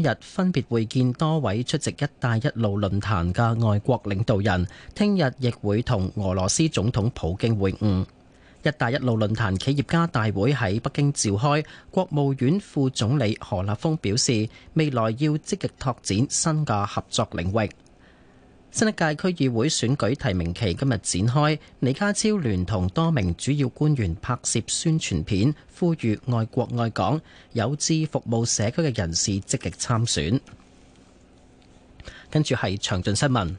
今日分別會見多位出席一帶一路論壇嘅外國領導人，聽日亦會同俄羅斯總統普京會晤。一帶一路論壇企業家大會喺北京召開，國務院副總理何立峰表示，未來要積極拓展新嘅合作領域。新一屆區議會選舉提名期今日展開，李家超聯同多名主要官員拍攝宣傳片，呼籲愛國愛港、有志服務社區嘅人士積極參選。跟住係詳盡新聞，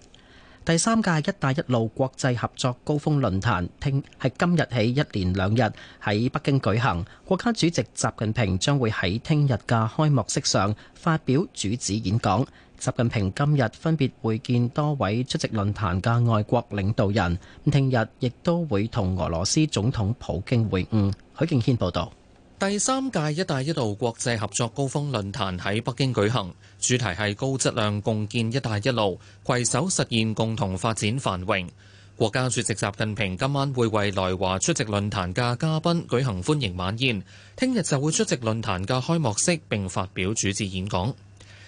第三屆一帶一路國際合作高峰論壇聽係今日起一連兩日喺北京舉行，國家主席習近平將會喺聽日嘅開幕式上發表主旨演講。習近平今日分別會見多位出席論壇嘅外國領導人，聽日亦都會同俄羅斯總統普京會晤。許敬軒報道，第三屆“一帶一路”國際合作高峰論壇喺北京舉行，主題係高質量共建“一帶一路”，攜手實現共同發展繁榮。國家主席習近平今晚會為來華出席論壇嘅嘉賓舉行歡迎晚宴，聽日就會出席論壇嘅開幕式，並發表主旨演講。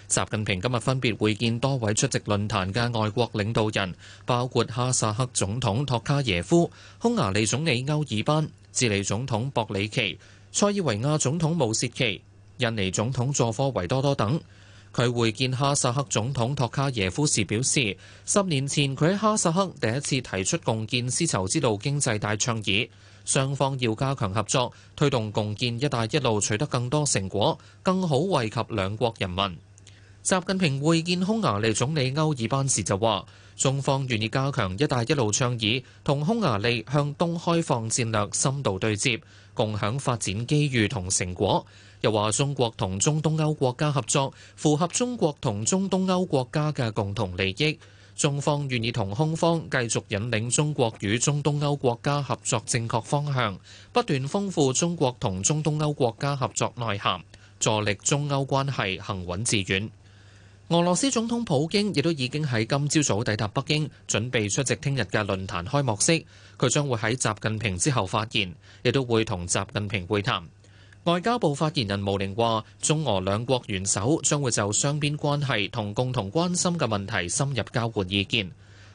習近平今日分別會見多位出席論壇嘅外國領導人，包括哈薩克總統托卡耶夫、匈牙利總理歐爾班、智利總統博里奇、塞爾維亞總統武契奇、印尼總統佐科維多多等。佢會見哈薩克總統托卡耶夫時表示，十年前佢喺哈薩克第一次提出共建絲綢之路經濟帶倡議，雙方要加強合作，推動共建“一帶一路”取得更多成果，更好惠及兩國人民。習近平會見匈牙利總理歐爾班時就話，中方願意加強“一帶一路”倡議同匈牙利向東開放戰略深度對接，共享發展機遇同成果。又話中國同中東歐國家合作符合中國同中東歐國家嘅共同利益，中方願意同匈方繼續引領中國與中東歐國家合作正確方向，不斷豐富中國同中東歐國家合作內涵，助力中歐關係行穩致遠。俄羅斯總統普京亦都已經喺今朝早抵達北京，準備出席聽日嘅論壇開幕式。佢將會喺習近平之後發言，亦都會同習近平會談。外交部發言人毛寧話，中俄兩國元首將會就雙邊關係同共同關心嘅問題深入交換意見。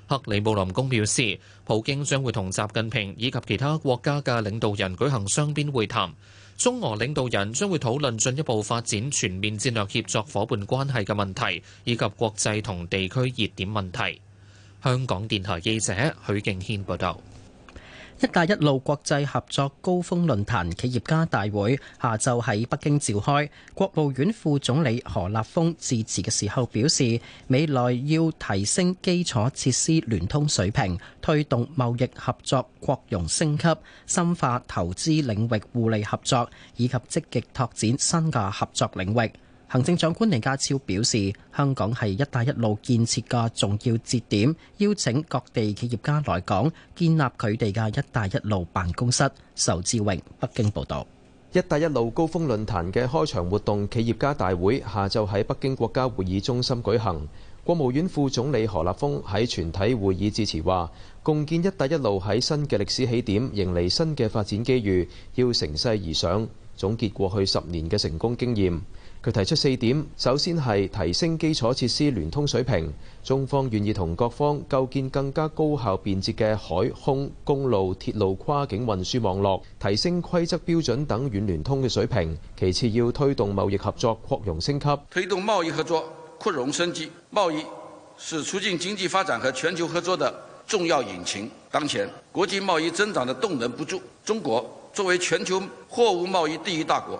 克里姆林宮表示，普京將會同習近平以及其他國家嘅領導人舉行雙邊會談。中俄領導人將會討論進一步發展全面戰略協作夥伴關係嘅問題，以及國際同地區熱點問題。香港電台記者許敬軒報道。“一帶一路”國際合作高峰論壇企業家大會下晝喺北京召開，國務院副總理何立峰致辭嘅時候表示，未來要提升基礎設施聯通水平，推動貿易合作擴容升級，深化投資領域互利合作，以及積極拓展新嘅合作領域。行政長官李家超表示，香港係一帶一路建設嘅重要節點，邀請各地企業家來港建立佢哋嘅一帶一路辦公室。仇志榮北京報導。一帶一路高峰論壇嘅開場活動企業家大會下晝喺北京國家會議中心舉行。國務院副總理何立峰喺全體會議致辭話：共建一帶一路喺新嘅歷史起點，迎嚟新嘅發展機遇，要乘勢而上，總結過去十年嘅成功經驗。佢提出四點，首先係提升基礎設施聯通水平，中方願意同各方構建更加高效便捷嘅海空公路鐵路跨境運輸網絡，提升規則標準等軟聯通嘅水平。其次要推動貿易合作擴容升級，推動貿易合作擴容升級。貿易是促進經濟發展和全球合作的重要引擎。當前國際貿易增長的動能不足，中國作為全球貨物貿易第一大國。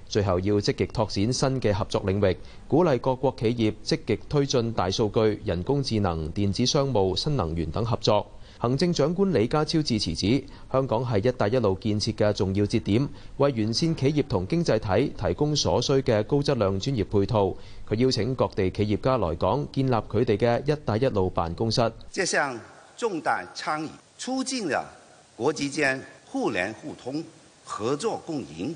最後要積極拓展新嘅合作領域，鼓勵各國企業積極推進大數據、人工智能、電子商務、新能源等合作。行政長官李家超致辭指，香港係一帶一路建設嘅重要節點，為沿線企業同經濟體提供所需嘅高質量專業配套。佢邀請各地企業家來港，建立佢哋嘅一帶一路辦公室。這項重大倡議，促進咗國際間互聯互通、合作共贏。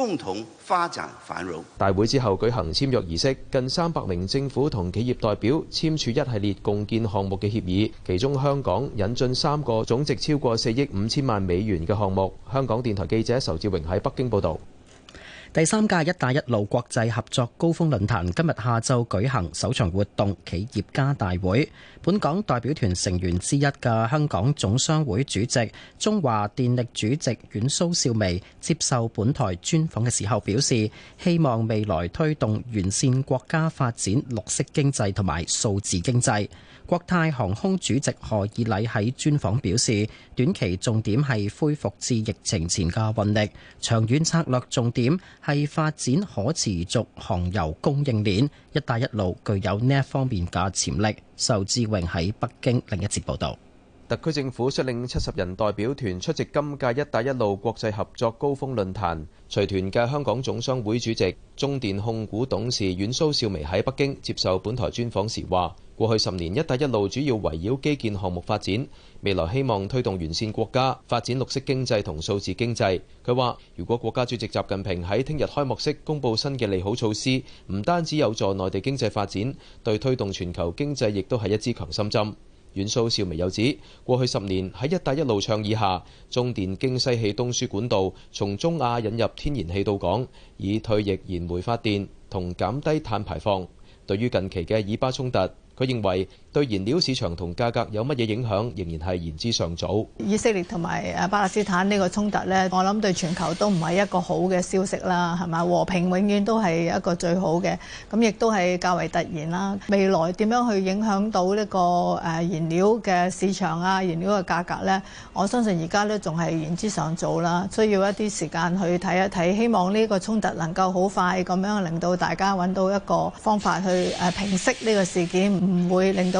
共同發展繁榮。大會之後舉行簽約儀式，近三百名政府同企業代表簽署一系列共建項目嘅協議，其中香港引進三個總值超過四億五千萬美元嘅項目。香港電台記者仇志榮喺北京報導。第三屆「一帶一路」國際合作高峰論壇今日下晝舉行首場活動——企業家大會。本港代表團成員之一嘅香港總商會主席、中華電力主席阮蘇少薇接受本台專訪嘅時候表示，希望未來推動完善國家發展綠色經濟同埋數字經濟。國泰航空主席何以禮喺專訪表示，短期重點係恢復至疫情前嘅運力，長遠策略重點係發展可持續航油供應鏈。一帶一路具有呢一方面嘅潛力。仇志榮喺北京另一節報道。特區政府率領七十人代表團出席今屆“一帶一路”國際合作高峰論壇，隨團嘅香港總商會主席、中電控股董事阮蘇少微喺北京接受本台專訪時話：過去十年“一帶一路”主要圍繞基建項目發展，未來希望推動完善國家發展綠色經濟同數字經濟。佢話：如果國家主席習近平喺聽日開幕式公布新嘅利好措施，唔單止有助內地經濟發展，對推動全球經濟亦都係一支強心針。阮素笑眉有指，過去十年喺一帶一路倡議下，中電經西氣東輸管道從中亞引入天然氣到港，以退役燃煤，煤發電同減低碳排放。對於近期嘅以巴衝突，佢認為，對燃料市場同價格有乜嘢影響，仍然係言之尚早。以色列同埋啊巴勒斯坦呢個衝突呢，我諗對全球都唔係一個好嘅消息啦，係咪？和平永遠都係一個最好嘅，咁亦都係較為突然啦。未來點樣去影響到呢個誒燃料嘅市場啊，燃料嘅價格呢？我相信而家都仲係言之尚早啦，需要一啲時間去睇一睇。希望呢個衝突能夠好快咁樣令到大家揾到一個方法去誒平息呢個事件，唔會令到。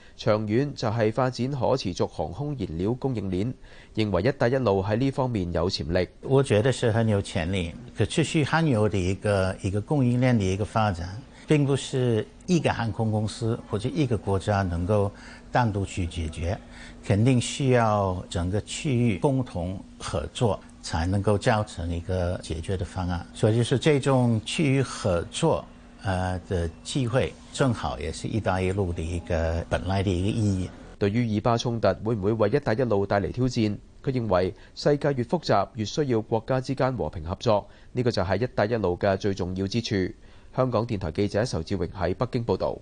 長遠就係發展可持續航空燃料供應鏈，認為一帶一路喺呢方面有潛力。我覺得是很有潛力，可持續航油的一個一個供應鏈的一個發展，並不是一個航空公司或者一個國家能夠單獨去解決，肯定需要整個區域共同合作，才能夠造成一個解決的方案。所以就是這種區域合作。誒的機會，正好也是「一帶一路」的一個本來的一個意義。對於以巴衝突會唔會為「一帶一路」帶嚟挑戰，佢認為世界越複雜越需要國家之間和平合作，呢、這個就係「一帶一路」嘅最重要之處。香港電台記者仇志榮喺北京報道。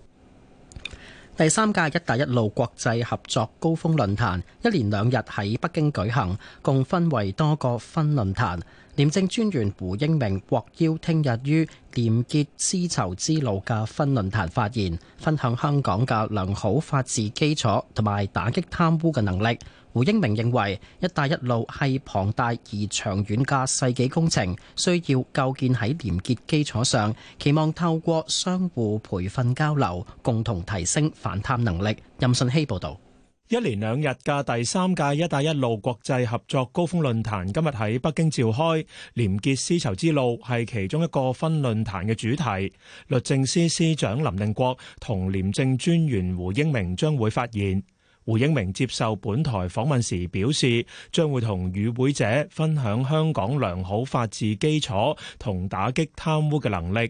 第三屆「一帶一路」國際合作高峰論壇一連兩日喺北京舉行，共分為多個分論壇。廉政專員胡英明獲邀聽日於廉潔絲綢之路嘅分論壇發言，分享香港嘅良好法治基礎同埋打擊貪污嘅能力。胡英明認為一帶一路係龐大而長遠嘅世紀工程，需要構建喺廉潔基礎上，期望透過相互培訓交流，共同提升反貪能力。任信希報道。一連兩日嘅第三屆一帶一路國際合作高峰論壇今日喺北京召開，廉潔絲綢之路係其中一個分論壇嘅主題。律政司司，司長林定國同廉政專員胡英明將會發言。胡英明接受本台訪問時表示，將會同與會者分享香港良好法治基礎同打擊貪污嘅能力。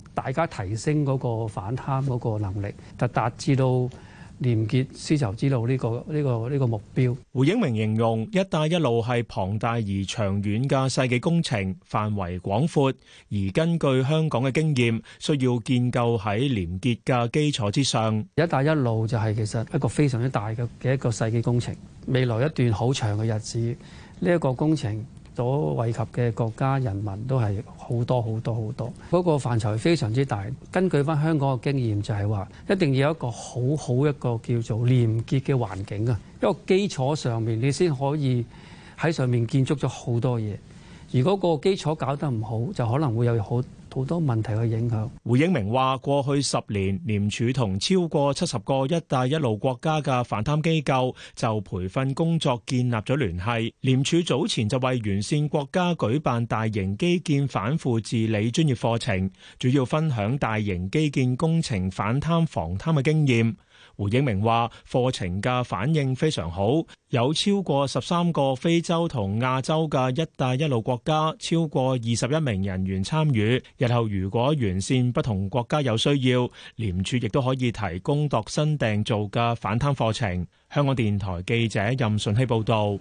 大家提升嗰個反貪嗰個能力，就達至到廉潔絲綢之路呢個呢個呢個目標。胡英明形容「一帶一路」係龐大而長遠嘅世紀工程，範圍廣闊，而根據香港嘅經驗，需要建構喺廉潔嘅基礎之上。一帶一路就係其實一個非常之大嘅嘅一個世紀工程，未來一段好長嘅日子，呢一個工程。所惠及嘅國家人民都係好多好多好多，嗰個範疇非常之大。根據翻香港嘅經驗，就係話一定要有一個好好一個叫做廉潔嘅環境啊，一個基礎上面你先可以喺上面建築咗好多嘢。如果個基礎搞得唔好，就可能會有好好多問題嘅影響。胡英明話：過去十年，廉署同超過七十個「一帶一路」國家嘅反貪機構就培訓工作建立咗聯繫。廉署早前就為完善國家舉辦大型基建反腐治理專業課程，主要分享大型基建工程反貪防貪嘅經驗。胡英明話課程嘅反應非常好，有超過十三個非洲同亞洲嘅「一帶一路」國家，超過二十一名人員參與。日後如果完善，不同國家有需要，廉署亦都可以提供度身訂造嘅反貪課程。香港電台記者任順希報導。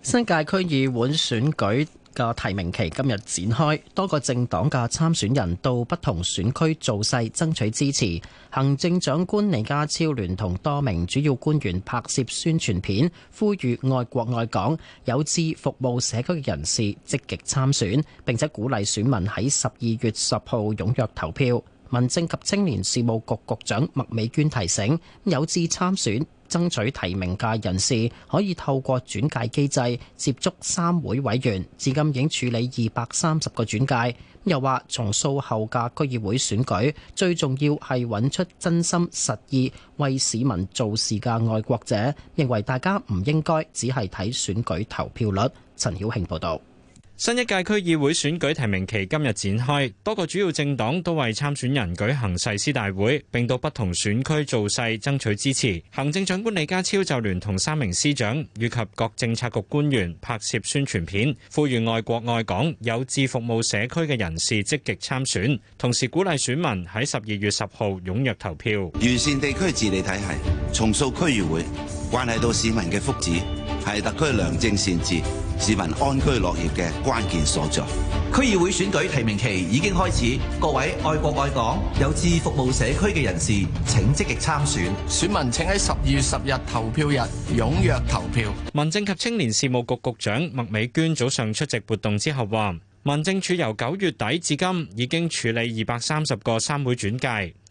新界區議會選舉嘅提名期今日展開，多個政黨嘅參選人到不同選區造勢爭取支持。行政長官李家超聯同多名主要官員拍攝宣傳片，呼籲愛國愛港、有志服務社區嘅人士積極參選，並且鼓勵選民喺十二月十號踴躍投票。民政及青年事務局局局長麥美娟提醒有志參選。爭取提名嘅人士可以透過轉介機制接觸三會委員，至今已經處理二百三十個轉介。又話從數後嘅區議會選舉，最重要係揾出真心實意為市民做事嘅愛國者，認為大家唔應該只係睇選舉投票率。陳曉慶報道。新一屆區議會選舉提名期今日展開，多個主要政黨都為參選人舉行誓師大會，並到不同選區造勢爭取支持。行政長官李家超就聯同三名司長以及各政策局官員拍攝宣傳片，呼籲愛國愛港、有志服務社區嘅人士積極參選，同時鼓勵選民喺十二月十號踴躍投票，完善地區治理體系，重塑區議會，關係到市民嘅福祉。係特區良政善治、市民安居樂業嘅關鍵所在。區議會選舉提名期已經開始，各位愛國愛港、有志服務社區嘅人士，請積極參選。選民請喺十二月十日投票日踴躍投票。民政及青年事務局局，局長麥美娟早上出席活動之後話，民政處由九月底至今已經處理二百三十個三會轉介。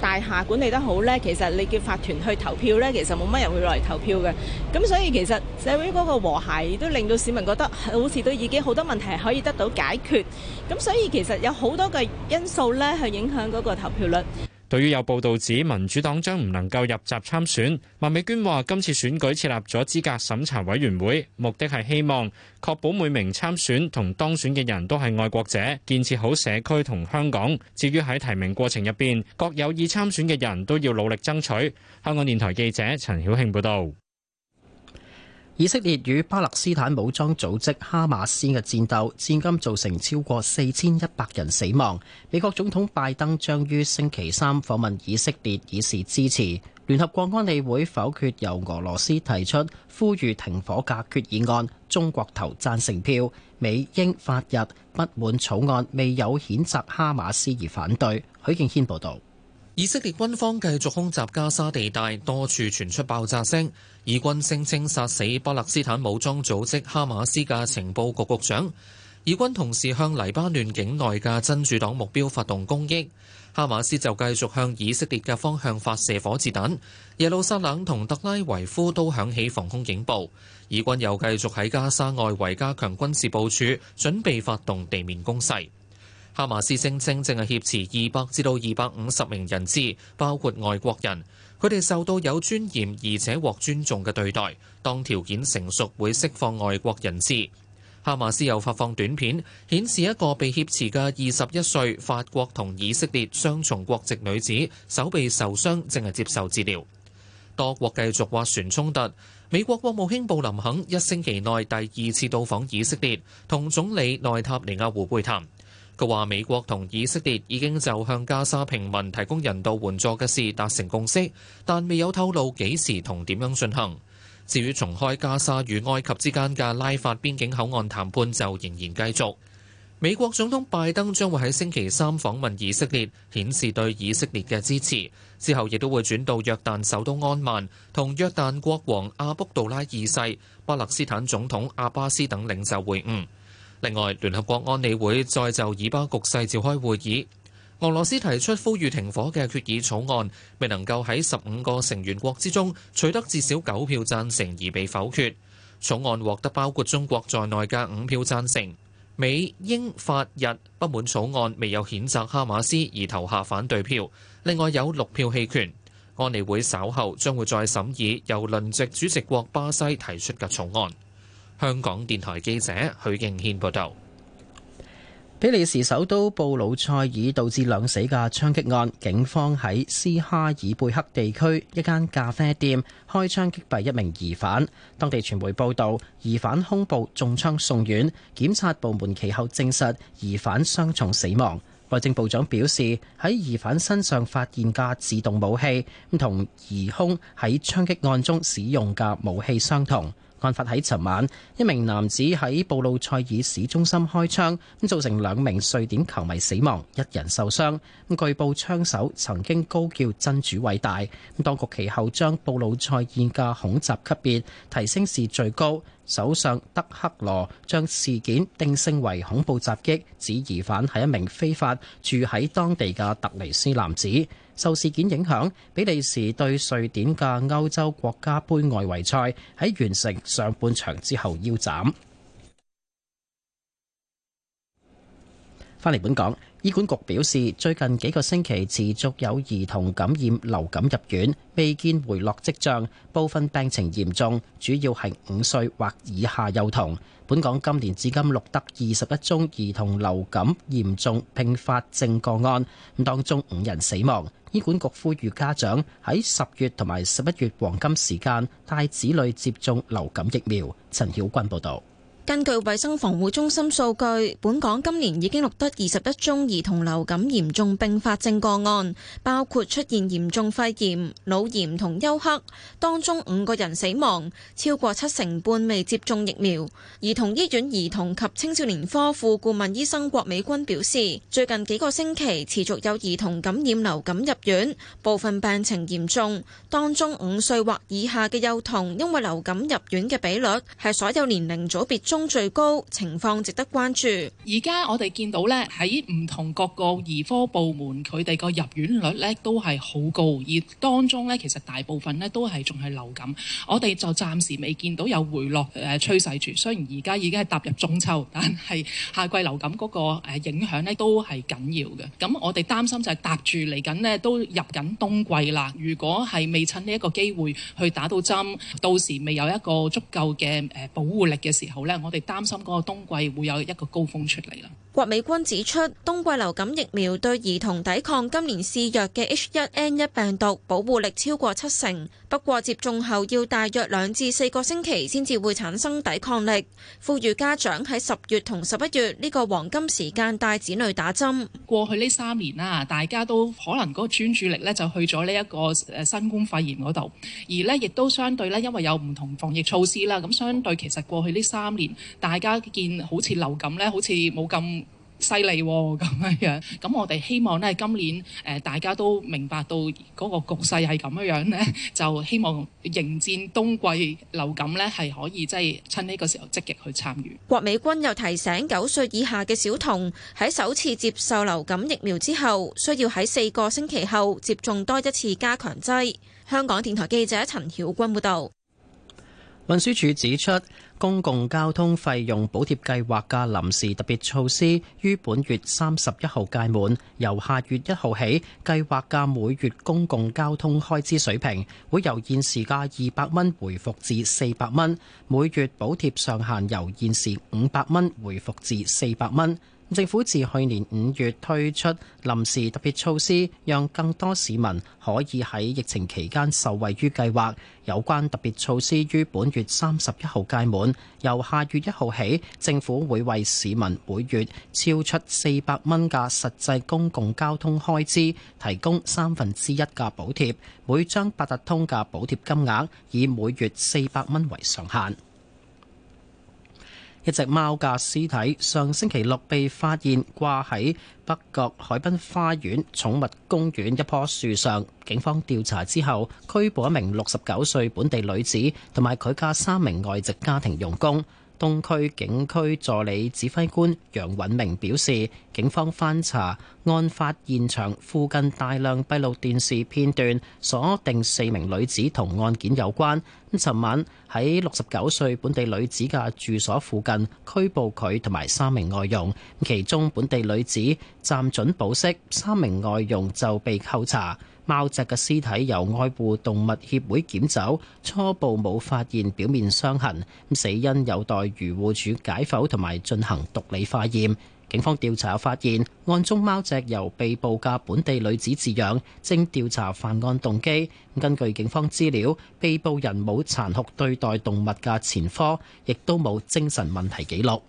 大廈管理得好呢，其實你叫法團去投票呢，其實冇乜人會落嚟投票嘅。咁所以其實社會嗰個和諧都令到市民覺得好似都已經好多問題係可以得到解決。咁所以其實有好多個因素呢，去影響嗰個投票率。對於有報道指民主黨將唔能夠入閘參選，麥美娟話：今次選舉設立咗資格審查委員會，目的係希望確保每名參選同當選嘅人都係愛國者，建設好社區同香港。至於喺提名過程入邊，各有意參選嘅人都要努力爭取。香港電台記者陳曉慶報導。以色列與巴勒斯坦武裝組織哈馬斯嘅戰鬥，至今造成超過四千一百人死亡。美國總統拜登將於星期三訪問以色列，以示支持。聯合國安理會否決由俄羅斯提出呼籲停火嘅決議案，中國投贊成票，美英法日不滿草案未有譴責哈馬斯而反對。許敬軒報導。以色列軍方繼續空襲加沙地帶，多處傳出爆炸聲。以軍聲稱殺死巴勒斯坦武裝組織哈馬斯嘅情報局局長。以軍同時向黎巴嫩境內嘅真主黨目標發動攻擊。哈馬斯就繼續向以色列嘅方向發射火箭彈。耶路撒冷同特拉維夫都響起防空警報。以軍又繼續喺加沙外圍加強軍事部署，準備發動地面攻勢。哈馬斯聲稱，正係挾持二百至到二百五十名人質，包括外國人。佢哋受到有尊嚴而且獲尊重嘅對待。當條件成熟，會釋放外國人質。哈馬斯又發放短片，顯示一個被挾持嘅二十一歲法國同以色列雙重國籍女子，手臂受傷，正係接受治療。多國繼續斡旋衝突。美國國務卿布林肯一星期內第二次到訪以色列，同總理內塔尼亞胡會談。佢話：美國同以色列已經就向加沙平民提供人道援助嘅事達成共識，但未有透露幾時同點樣進行。至於重開加沙與埃及之間嘅拉法邊境口岸談判，就仍然繼續。美國總統拜登將會喺星期三訪問以色列，顯示對以色列嘅支持。之後亦都會轉到約旦首都安曼，同約旦國王阿卜杜拉二世、巴勒斯坦總統阿巴斯等領袖會晤。另外，聯合國安理會再就以巴局勢召開會議。俄羅斯提出呼籲停火嘅決議草案，未能夠喺十五個成員國之中取得至少九票贊成而被否決。草案獲得包括中國在內嘅五票贊成，美、英、法、日不滿草案未有譴責哈馬斯而投下反對票。另外有六票棄權。安理會稍後將會再審議由輪值主席國巴西提出嘅草案。香港電台記者許敬軒報道：比利時首都布魯塞爾導致兩死嘅槍擊案，警方喺斯哈爾貝克地區一間咖啡店開槍擊斃一名疑犯。當地傳媒報道，疑犯胸部中槍送院，檢察部門其後證實疑犯傷重死亡。內政部長表示，喺疑犯身上發現嘅自動武器，唔同疑兇喺槍擊案中使用嘅武器相同。案發喺尋晚，一名男子喺布魯塞爾市中心開槍，咁造成兩名瑞典球迷死亡，一人受傷。咁據報，槍手曾經高叫真主偉大。咁當局其後將布魯塞爾嘅恐襲級別提升至最高。首相德克羅將事件定性為恐怖襲擊，指疑犯係一名非法住喺當地嘅突尼斯男子。受事件影響，比利時對瑞典嘅歐洲國家盃外圍賽喺完成上半場之後腰斬。翻嚟本港。醫管局表示，最近幾個星期持續有兒童感染流感入院，未見回落跡象，部分病情嚴重，主要係五歲或以下幼童。本港今年至今錄得二十一宗兒童流感嚴重併發症個案，當中五人死亡。醫管局呼籲家長喺十月同埋十一月黃金時間帶子女接種流感疫苗。陳曉君報道。根據衛生防護中心數據，本港今年已經錄得二十一宗兒童流感嚴重併發症個案，包括出現嚴重肺炎、腦炎同休克，當中五個人死亡，超過七成半未接種疫苗。兒童醫院兒童及青少年科副顧問醫生郭美君表示，最近幾個星期持續有兒童感染流感入院，部分病情嚴重，當中五歲或以下嘅幼童因為流感入院嘅比率係所有年齡組別中中最高，情況值得關注。而家我哋見到咧，喺唔同各個兒科部門，佢哋個入院率咧都係好高，而當中咧其實大部分咧都係仲係流感。我哋就暫時未見到有回落誒趨勢住。雖然而家已經係踏入中秋，但係夏季流感嗰個誒影響咧都係緊要嘅。咁我哋擔心就係搭住嚟緊咧都入緊冬季啦。如果係未趁呢一個機會去打到針，到時未有一個足夠嘅誒保護力嘅時候咧。我哋擔心嗰個冬季會有一個高峰出嚟啦。郭美軍指出，冬季流感疫苗對兒童抵抗今年肆虐嘅 H1N1 病毒保護力超過七成，不過接種後要大約兩至四個星期先至會產生抵抗力。呼籲家長喺十月同十一月呢，這個黃金時間帶子女打針。過去呢三年啦，大家都可能嗰個專注力咧就去咗呢一個誒新冠肺炎嗰度，而咧亦都相對咧，因為有唔同防疫措施啦，咁相對其實過去呢三年。大家見好似流感咧，好似冇咁犀利咁樣樣。咁我哋希望呢，今年誒、呃、大家都明白到嗰個局勢係咁樣樣咧，就希望迎戰冬季流感呢，係可以即係、就是、趁呢個時候積極去參與。郭美君又提醒，九歲以下嘅小童喺首次接受流感疫苗之後，需要喺四個星期後接種多一次加強劑。香港電台記者陳曉君報道。運輸署指出，公共交通費用補貼計劃嘅臨時特別措施於本月三十一號屆滿，由下月一號起，計劃嘅每月公共交通開支水平會由現時嘅二百蚊回復至四百蚊，每月補貼上限由現時五百蚊回復至四百蚊。政府自去年五月推出臨時特別措施，讓更多市民可以喺疫情期間受惠於計劃。有關特別措施於本月三十一號屆滿，由下月一號起，政府會為市民每月超出四百蚊嘅實際公共交通開支提供三分之一嘅補貼，每張八達通嘅補貼金額以每月四百蚊為上限。一隻貓嘅屍體上星期六被發現掛喺北角海濱花園寵物公園一棵樹上，警方調查之後拘捕一名六十九歲本地女子同埋佢家三名外籍家庭傭工。東區警區助理指揮官楊允明表示，警方翻查案發現場附近大量閉路電視片段，鎖定四名女子同案件有關。咁，尋晚喺六十九歲本地女子嘅住所附近拘捕佢同埋三名外傭，其中本地女子暫准保釋，三名外傭就被扣查。貓隻嘅屍體由愛護動物協會撿走，初步冇發現表面傷痕，咁死因有待漁護署解剖同埋進行毒理化驗。警方調查發現，案中貓隻由被捕嘅本地女子飼養，正調查犯案動機。根據警方資料，被捕人冇殘酷對待動物嘅前科，亦都冇精神問題記錄。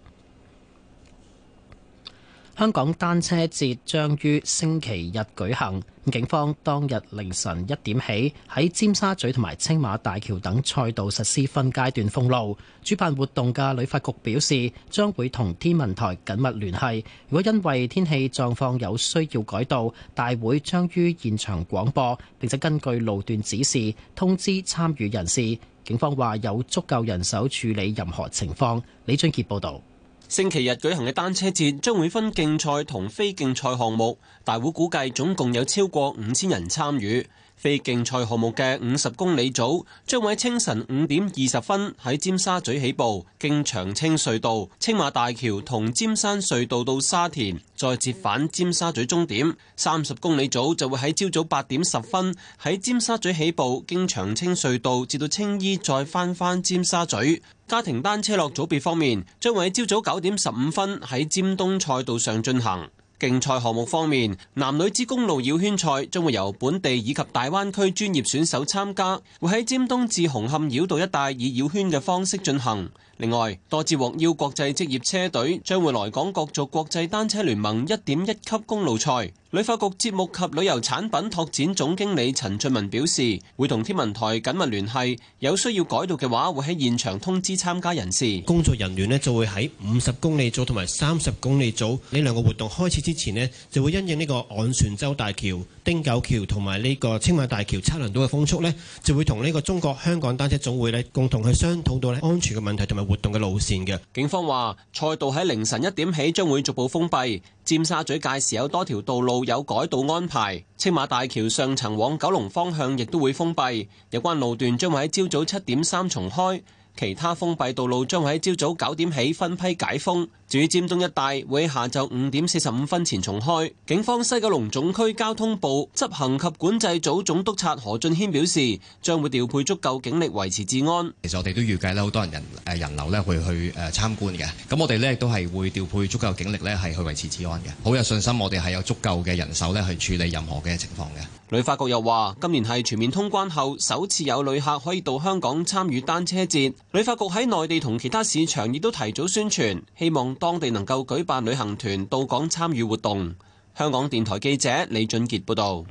香港單車節將於星期日舉行，警方當日凌晨一點起喺尖沙咀同埋青馬大橋等賽道實施分階段封路。主辦活動嘅旅發局表示，將會同天文台緊密聯繫，如果因為天氣狀況有需要改道，大會將於現場廣播，並且根據路段指示通知參與人士。警方話有足夠人手處理任何情況。李俊傑報導。星期日舉行嘅單車節將會分競賽同非競賽項目，大會估計總共有超過五千人參與。非競賽項目嘅五十公里組將會喺清晨五點二十分喺尖沙咀起步，經長青隧道、青馬大橋同尖山隧道到沙田，再折返尖沙咀終點。三十公里組就會喺朝早八點十分喺尖沙咀起步，經長青隧道至到青衣，再返返尖沙咀。家庭單車落組別方面，將會喺朝早九點十五分喺尖東賽道上進行。競賽項目方面，男女之公路繞圈賽將會由本地以及大灣區專業選手參加，會喺尖東至紅磡繞繞道一帶以繞圈嘅方式進行。另外，多支獲邀國際職業車隊將會來港角逐國際單車聯盟一點一級公路賽。旅發局節目及旅遊產品拓展總經理陳俊文表示，會同天文台緊密聯繫，有需要改道嘅話，會喺現場通知參加人士。工作人員咧就會喺五十公里組同埋三十公里組呢兩個活動開始之前咧，就會因應呢個昂船洲大橋汀九橋同埋呢個青馬大橋測量到嘅風速咧，就會同呢個中國香港單車總會咧共同去商討到咧安全嘅問題同埋。活動嘅路線嘅，警方話賽道喺凌晨一點起將會逐步封閉，尖沙咀屆時有多條道路有改道安排，青馬大橋上層往九龍方向亦都會封閉，有關路段將會喺朝早七點三重開。其他封閉道路將會喺朝早九點起分批解封，至於尖東一帶會喺下晝五點四十五分前重開。警方西九龍總區交通部執行及管制組總督察何俊軒表示，將會調配足夠警力維持治安。其實我哋都預計咧，好多人人誒人流咧會去誒參觀嘅，咁我哋咧都係會調配足夠警力咧係去維持治安嘅，好有信心我哋係有足夠嘅人手咧去處理任何嘅情況嘅。旅發局又話，今年係全面通關後首次有旅客可以到香港參與單車節。旅發局喺內地同其他市場亦都提早宣傳，希望當地能夠舉辦旅行團到港參與活動。香港電台記者李俊傑報導。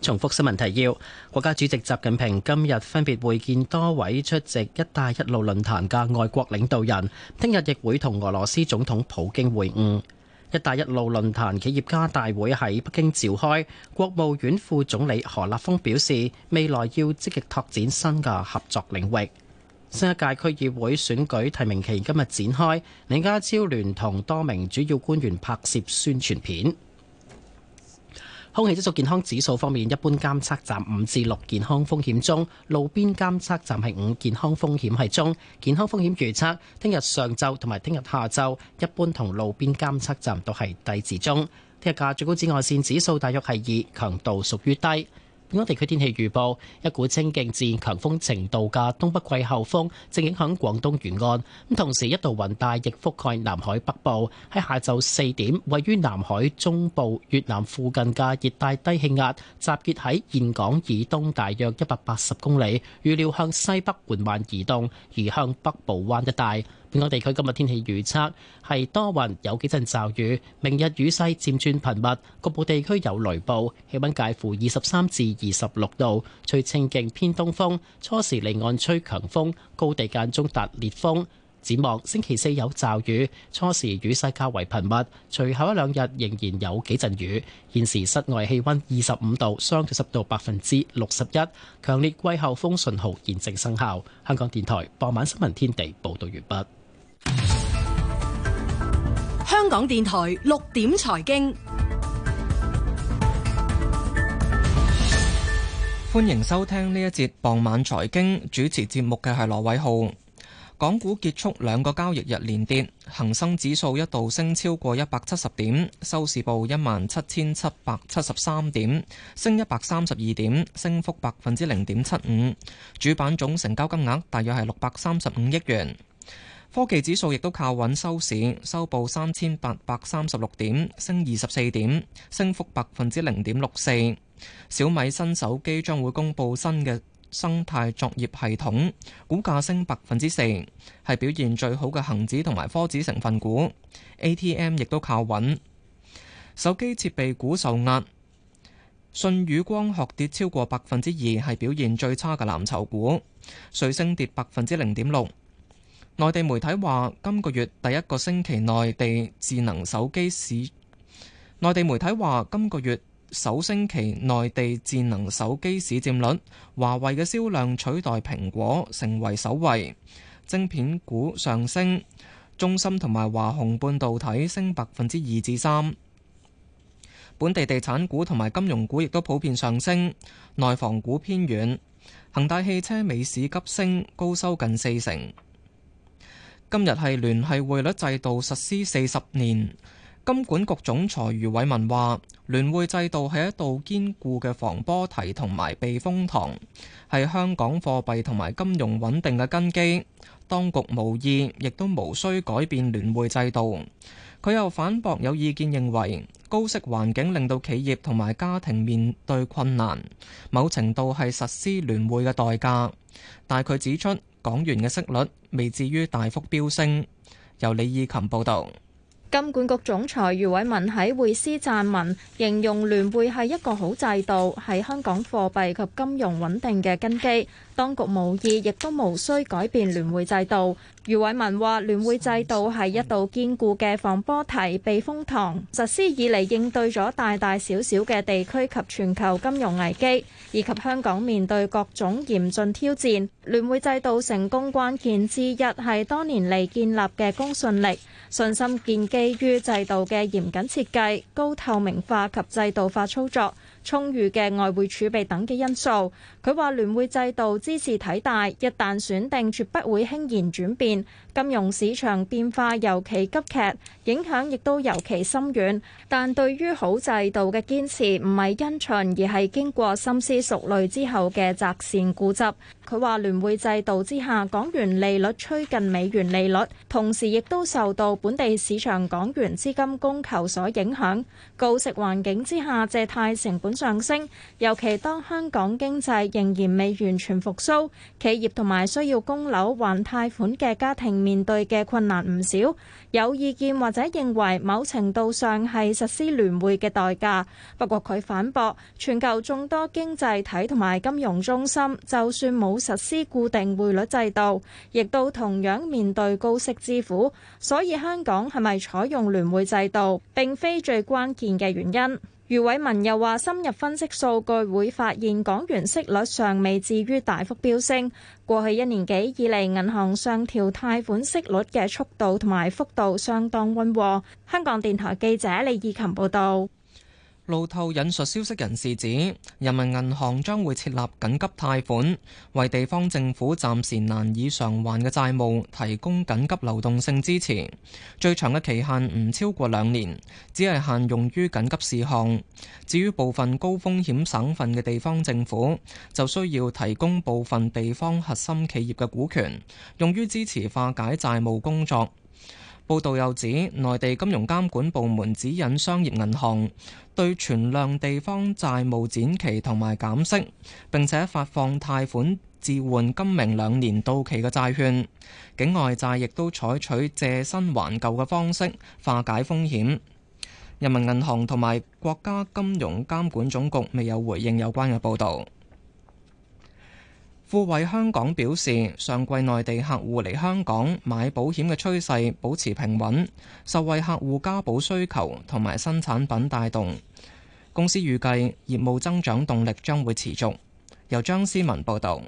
重複新聞提要：國家主席習近平今日分別會見多位出席「一帶一路」論壇嘅外國領導人，聽日亦會同俄羅斯總統普京會晤。「一帶一路」論壇企業家大會喺北京召開，國務院副總理何立峰表示，未來要積極拓展新嘅合作領域。新一屆區議會選舉提名期今日展開，李家超聯同多名主要官員拍攝宣傳片。空氣質素健康指數方面，一般監測站五至六健康風險中，路邊監測站係五健康風險係中。健康風險預測，聽日上晝同埋聽日下晝，一般同路邊監測站都係低至中。聽日嘅最高紫外線指數大約係二，強度屬於低。本港地區天氣預報，一股清勁、自然強風程度嘅東北季候風正影響廣東沿岸，咁同時一道雲帶亦覆蓋南海北部。喺下晝四點，位於南海中部越南附近嘅熱帶低氣壓，集結喺峴港以東大約一百八十公里，預料向西北緩慢移動，移向北部灣一帶。本港地區今日天氣預測係多雲，有幾陣驟雨。明日雨勢漸轉頻密，局部地區有雷暴。氣温介乎二十三至二十六度，吹清勁偏東風，初時離岸吹強風，高地間中達烈風。展望星期四有驟雨，初時雨勢較為頻密，隨後一兩日仍然有幾陣雨。現時室外氣温二十五度，相對濕度百分之六十一，強烈季候風信號現正生效。香港電台傍晚新聞天地報道完畢。香港電台六點財經，歡迎收聽呢一節傍晚財經主持節目嘅係羅偉浩。港股結束兩個交易日連跌，恒生指數一度升超過一百七十點，收市報一萬七千七百七十三點，升一百三十二點，升幅百分之零點七五。主板總成交金額大約係六百三十五億元。科技指數亦都靠穩收市，收報三千八百三十六點，升二十四點，升幅百分之零點六四。小米新手機將會公布新嘅。生態作業系統股價升百分之四，係表現最好嘅恒指同埋科指成分股。ATM 亦都靠穩，手機設備股受壓，舜宇光學跌超過百分之二，係表現最差嘅藍籌股。瑞聲跌百分之零點六。內地媒體話，今個月第一個星期內地智能手機市，內地媒體話，今個月。首星期內地智能手機市佔率，華為嘅銷量取代蘋果成為首位。晶片股上升，中芯同埋華虹半導體升百分之二至三。本地地產股同埋金融股亦都普遍上升，內房股偏軟。恒大汽車尾市急升，高收近四成。今日係聯繫匯率制度實施四十年。金管局總裁余偉文話，聯匯制度係一道堅固嘅防波堤同埋避風塘，係香港貨幣同埋金融穩定嘅根基。當局無意，亦都無需改變聯匯制度。佢又反駁有意見認為高息環境令到企業同埋家庭面對困難，某程度係實施聯匯嘅代價，但佢指出港元嘅息率未至於大幅飆升。由李意琴報道。金管局總裁余偉文喺匯思撰文，形容聯匯係一個好制度，係香港貨幣及金融穩定嘅根基。當局無意亦都無需改變聯匯制度。余偉文話,聯匯制度係一道堅固嘅防波堤、避風塘。實施以嚟應對咗大大小小嘅地區及全球金融危機,以及香港面對各種嚴峻挑戰。聯匯制度成功關鍵之一係多年嚟建立嘅公信力,信心建基於制度嘅嚴謹設計,高透明化及制度化操作,充裕嘅外匯儲備等嘅因素,佢話聯匯制度支持體大，一旦選定，絕不會輕言轉變。金融市場變化尤其急劇，影響亦都尤其深遠。但對於好制度嘅堅持，唔係因循，而係經過深思熟慮之後嘅擇善固執。佢話聯匯制度之下，港元利率趨近美元利率，同時亦都受到本地市場港元資金供求所影響。高息環境之下，借貸成本上升，尤其當香港經濟仍然未完全復甦，企業同埋需要供樓還貸款嘅家庭面對嘅困難唔少。有意見或者認為某程度上係實施聯匯嘅代價，不過佢反駁全球眾多經濟體同埋金融中心，就算冇實施固定匯率制度，亦都同樣面對高息之苦。所以香港係咪採用聯匯制度，並非最關鍵嘅原因。余偉文又話：深入分析數據會發現，港元息率尚未至於大幅飆升。過去一年幾以嚟，銀行上調貸款息率嘅速度同埋幅度相當温和。香港電台記者李義琴報道。路透引述消息人士指，人民銀行將會設立緊急貸款，為地方政府暫時難以償還嘅債務提供緊急流動性支持，最長嘅期限唔超過兩年，只係限用於緊急事項。至於部分高風險省份嘅地方政府，就需要提供部分地方核心企業嘅股權，用於支持化解債務工作。報道又指，內地金融監管部門指引商業銀行對存量地方債務展期同埋減息，並且發放貸款置換今明兩年到期嘅債券。境外債亦都採取借新還舊嘅方式化解風險。人民銀行同埋國家金融監管總局未有回應有關嘅報道。富衛香港表示，上季內地客戶嚟香港買保險嘅趨勢保持平穩，受惠客戶加保需求同埋新產品帶動。公司預計業務增長動力將會持續。由張思文報導。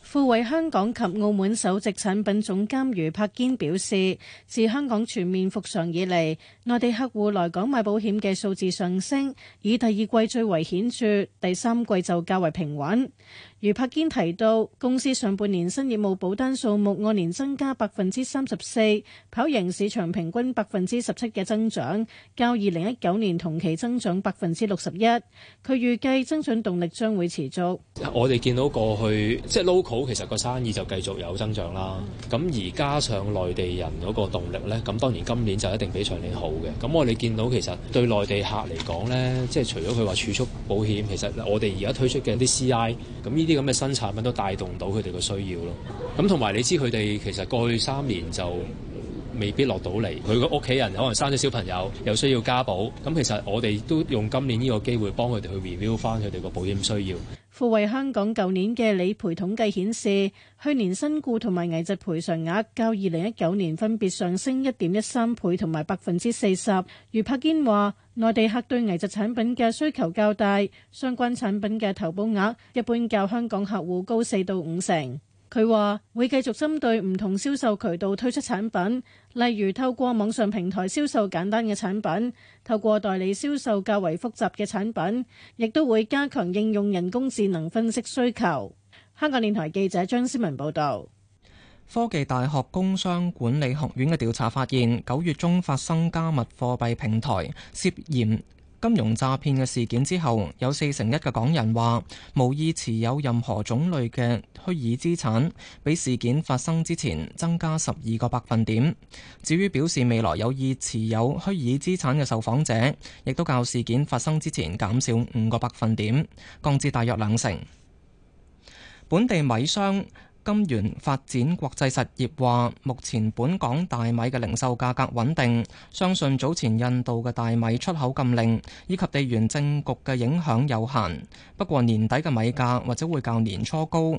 富衛香港及澳門首席產品總監余柏堅表示，自香港全面復常以嚟，內地客戶來港買保險嘅數字上升，以第二季最為顯著，第三季就較為平穩。余柏堅提到，公司上半年新業務保單數目按年增加百分之三十四，跑贏市場平均百分之十七嘅增長，較二零一九年同期增長百分之六十一。佢預計增長動力將會持續。我哋見到過去即係，就是，local 其實個生意就繼續有增長啦。咁而加上內地人嗰個動力呢，咁當然今年就一定比上年好嘅。咁我哋見到其實對內地客嚟講呢，即係除咗佢話儲蓄保險，其實我哋而家推出嘅啲 CI，咁呢啲。啲咁嘅新產品都帶動到佢哋個需要咯，咁同埋你知佢哋其實過去三年就未必落到嚟，佢個屋企人可能生咗小朋友，有需要加保，咁其實我哋都用今年呢個機會幫佢哋去 review 翻佢哋個保險需要。富衛香港舊年嘅理賠統計顯示，去年身故同埋危疾賠償額較二零一九年分別上升一點一三倍同埋百分之四十。余柏堅話。內地客對危疾產品嘅需求較大，相關產品嘅投保額一般較香港客戶高四到五成。佢話會繼續針對唔同銷售渠道推出產品，例如透過網上平台銷售簡單嘅產品，透過代理銷售較為複雜嘅產品，亦都會加強應用人工智能分析需求。香港電台記者張思文報道。科技大學工商管理學院嘅調查發現，九月中發生加密貨幣平台涉嫌金融詐騙嘅事件之後，有四成一嘅港人話無意持有任何種類嘅虛擬資產，比事件發生之前增加十二個百分點。至於表示未來有意持有虛擬資產嘅受訪者，亦都較事件發生之前減少五個百分點，降至大約兩成。本地米商金元發展國際實業話：目前本港大米嘅零售價格穩定，相信早前印度嘅大米出口禁令以及地緣政局嘅影響有限。不過年底嘅米價或者會較年初高。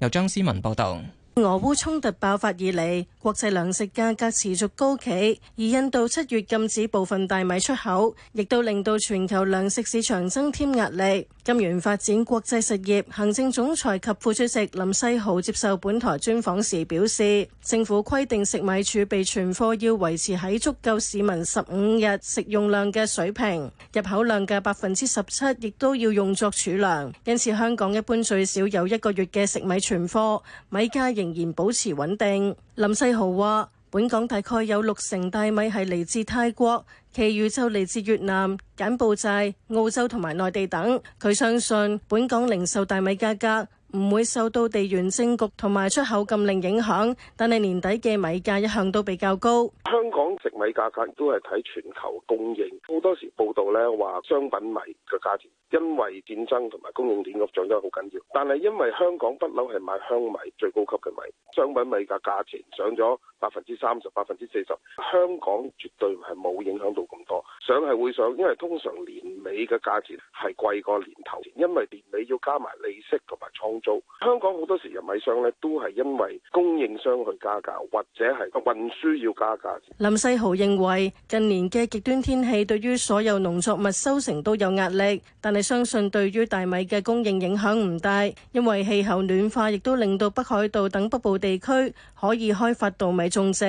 由張思文報導。俄烏衝突爆發以嚟，國際糧食價格持續高企，而印度七月禁止部分大米出口，亦都令到全球糧食市場增添壓力。金元發展國際實業行政總裁及副主席林世豪接受本台專訪時表示，政府規定食米儲備存貨要維持喺足夠市民十五日食用量嘅水平，入口量嘅百分之十七亦都要用作儲糧，因此香港一般最少有一個月嘅食米存貨，米價仍然保持穩定。林世豪話，本港大概有六成大米係嚟自泰國，其餘就嚟自越南、柬埔寨、澳洲同埋內地等。佢相信，本港零售大米價格，唔會受到地緣政局同埋出口禁令影響，但係年底的米價一向都比較高。香港食米價格都是看全球供應，好多時報道說商品米的價錢。因為戰爭同埋供應鏈嘅漲得好緊要，但係因為香港不嬲係買香米最高級嘅米，商品米價價錢上咗百分之三十、百分之四十，香港絕對係冇影響到咁多，上係會上，因為通常年尾嘅價錢係貴過年頭，因為年尾要加埋利息同埋倉租。香港好多時入米商呢都係因為供應商去加價，或者係運輸要加價。林世豪認為近年嘅極端天氣對於所有農作物收成都有壓力，但相信對於大米嘅供應影響唔大，因為氣候暖化亦都令到北海道等北部地區可以開發稻米種植。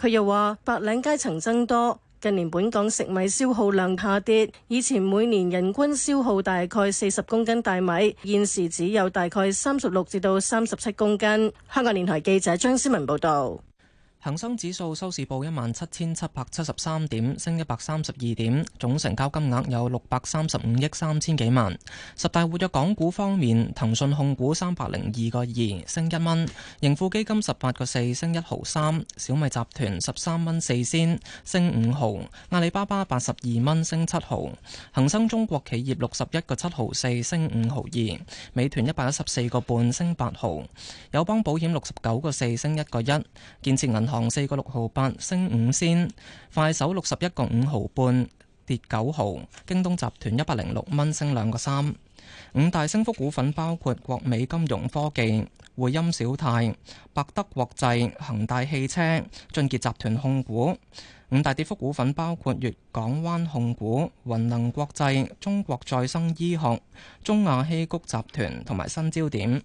佢又話，白領階層增多，近年本港食米消耗量下跌，以前每年人均消耗大概四十公斤大米，現時只有大概三十六至到三十七公斤。香港電台記者張思文報道。恒生指數收市報一萬七千七百七十三點，升一百三十二點，總成交金額有六百三十五億三千幾萬。十大活躍港股方面，騰訊控股三百零二個二，升一蚊；盈富基金十八個四，升一毫三；小米集團十三蚊四仙，升五毫；阿里巴巴八十二蚊，升七毫；恒生中國企業六十一個七毫四，升五毫二；美團一百一十四個半，升八毫；友邦保險六十九個四，升一個一；建設銀行。行四個六毫八升五仙，快手六十一個五毫半跌九毫，京東集團一百零六蚊升兩個三。五大升幅股份包括國美金融科技、匯音小貸、百德國際、恒大汽車、駿杰集團控股。五大跌幅股份包括粵港灣控股、雲能國際、中國再生醫學、中亞希谷集團同埋新焦點。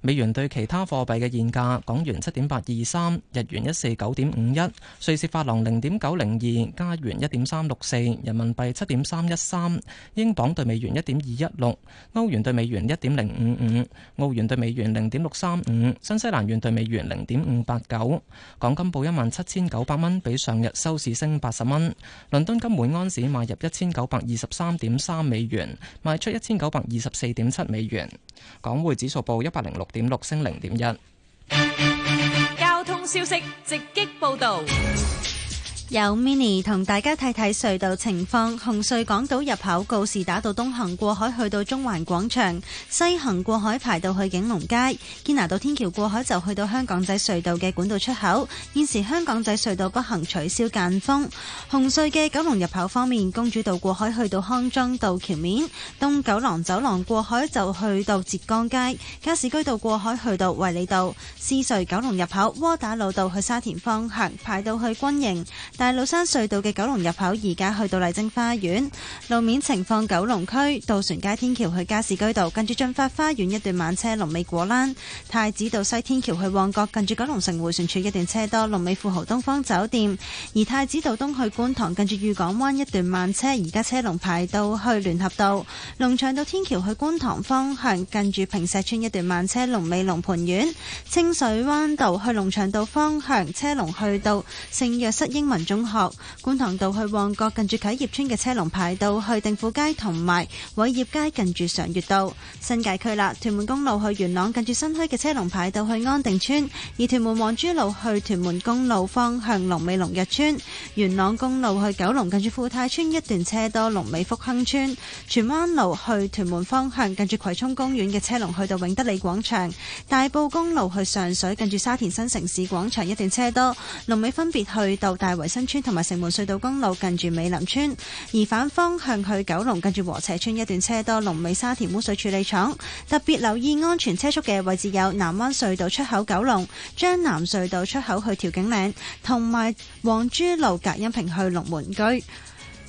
美元對其他貨幣嘅現價：港元七點八二三，日元一四九點五一，瑞士法郎零點九零二，加元一點三六四，人民幣七點三一三，英鎊對美元一點二一六，歐元對美元一點零五五，澳元對美元零點六三五，新西蘭元對美元零點五八九。港金報一萬七千九百蚊，比上日收市升八十蚊。倫敦金每安士買入一千九百二十三點三美元，賣出一千九百二十四點七美元。港匯指數報一百零六點六，升零點一。交通消息直擊報道。有 mini 同大家睇睇隧道情況。紅隧港島入口告士打道東行過海去到中環廣場，西行過海排到去景隆街。堅拿道天橋過海就去到香港仔隧道嘅管道出口。現時香港仔隧道北行取消間封。紅隧嘅九龍入口方面，公主道過海去到康莊道橋面，東九龍走廊過海就去到浙江街。加士居道過海去到維里道。獅隧九龍入口窩打老道去沙田方向，排到去軍營。大老山隧道嘅九龍入口而家去到麗晶花園路面情況，九龍區渡船街天橋去加士居道近住駿發花園一段慢車，龍尾果欄；太子道西天橋去旺角近住九龍城回旋處一段車多，龍尾富豪東方酒店；而太子道東去觀塘近住御港灣一段慢車，而家車龍排到去聯合道；龍翔道天橋去觀塘方向近住平石村一段慢車，龍尾龍蟠苑；清水灣道去龍翔道方向車龍去到聖若瑟英文。中學觀塘道去旺角近住啟業村嘅車龍排到去定富街同埋偉業街，近住常悅道。新界區啦，屯門公路去元朗近住新墟嘅車龍排到去安定村，而屯門往珠路去屯門公路方向龍尾龍日村。元朗公路去九龍近住富泰村一段車多，龍尾福亨村。荃灣路去屯門方向近住葵涌公園嘅車龍去到永德里廣場。大埔公路去上水近住沙田新城市廣場一段車多，龍尾分別去到大圍。村同埋城門隧道公路近住美林邨，而反方向去九龍近住禾輋邨一段車多，龍尾沙田污水處理廠。特別留意安全車速嘅位置有南灣隧道出口九龍，將藍隧道出口去調景嶺，同埋皇珠路隔音屏去龍門居，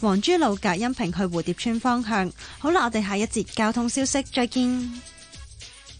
皇珠路隔音屏去蝴蝶邨方向。好啦，我哋下一節交通消息，再見。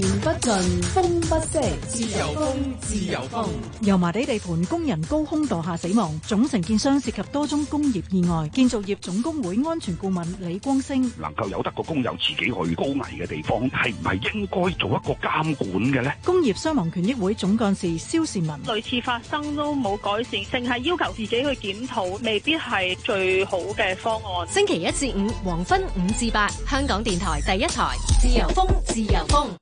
言不盡，風不息。自由風，自由風。油麻地地盤工人高空墮下死亡，總承建商涉及多宗工業意外。建造業總工會安全顧問李光升，能夠由得個工友自己去高危嘅地方，係唔係應該做一個監管嘅呢？工業傷亡權益會總幹事蕭善文，類似發生都冇改善，淨係要求自己去檢討，未必係最好嘅方案。星期一至五黃昏五至八，香港電台第一台，自由風，自由風。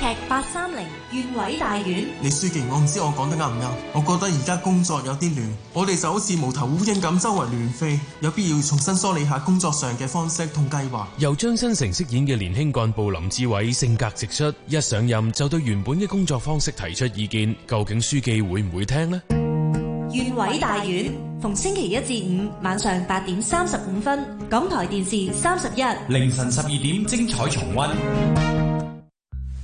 劇八三零縣委大院。李書記，我唔知我講得啱唔啱，我覺得而家工作有啲亂，我哋就好似無頭烏蠅咁周圍亂飛，有必要重新梳理下工作上嘅方式同計劃。由張新成飾演嘅年輕幹部林志偉，性格直率，一上任就對原本嘅工作方式提出意見，究竟書記會唔會聽呢？縣委大院，逢星期一至五晚上八點三十五分，港台電視三十一，凌晨十二點精彩重溫。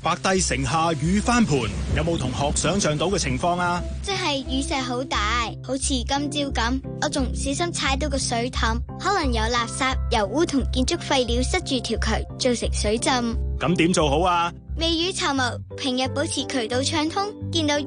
白帝城下雨翻盤，有冇同學想象到嘅情況啊？即係雨勢好大，好似今朝咁，我仲唔小心踩到個水凼，可能有垃圾、油污同建築廢料塞住條渠，造成水浸。咁點做好啊？未雨綢繆，平日保持渠道暢通，見到雨。